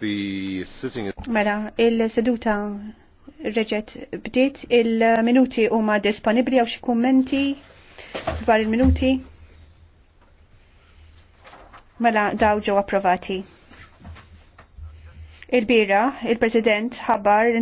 Mela, il-seduta reġet bdiet, il-minuti huma disponibli għaw xi kummenti dwar il-minuti. Mela, daw ġew approvati. Il-bira, il-President ħabbar